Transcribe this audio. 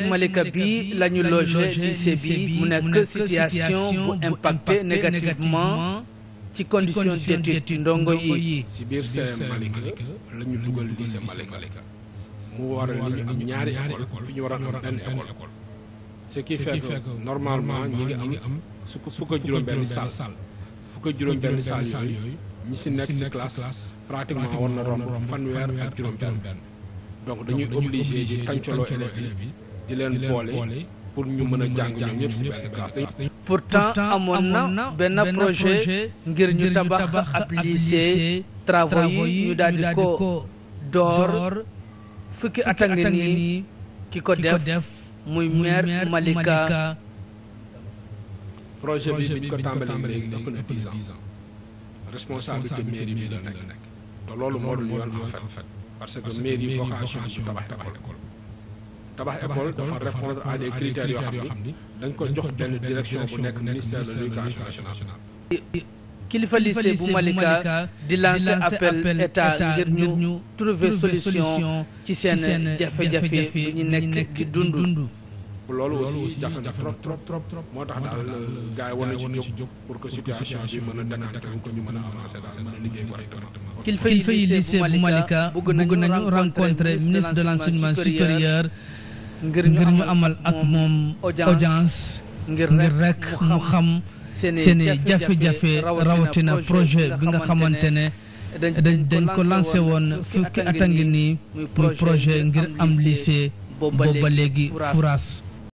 ci Malika bi la ñu nekk ci condition d'étude la ñu dugal lycée Malika mu waral ñu am ñaari école fi ñu war a am benn école. ce qui fait que normalement ñi ngi am fukk ak juróom-benn salle fukk ak juróom pratiquement war na romb fanweer ak juróom-benn donc dañuy obligé di tàncaloo élèves yi. di leen boole pour ñu mën a jàng ñoom ñëpp si benn classe. pourtant amoon na benn projet ngir ñu tabax ab lycée travaux yi ñu daal di ko door fukki at a ngi nii ki ko def muy maire Malika. léegi ëpp na dix ans responsabilité mairie bi la nekk loolu moo que mairie tabax école dafa répondre à des critères yoo xam ni dañ ko jox benn direction bu nekk ministère kilifa yi war a a a bu Malika bëgg nañu rencontrer ministre de l'enseignement supérieur. ngir ñu amal ak moom audience ngir rek mu xam seeni jafe-jafe rawatina projet bi nga xamante ne dañ dañ ko lancé woon fukki at a ngi nii muy projet ngir am lycée booba léegi Fouras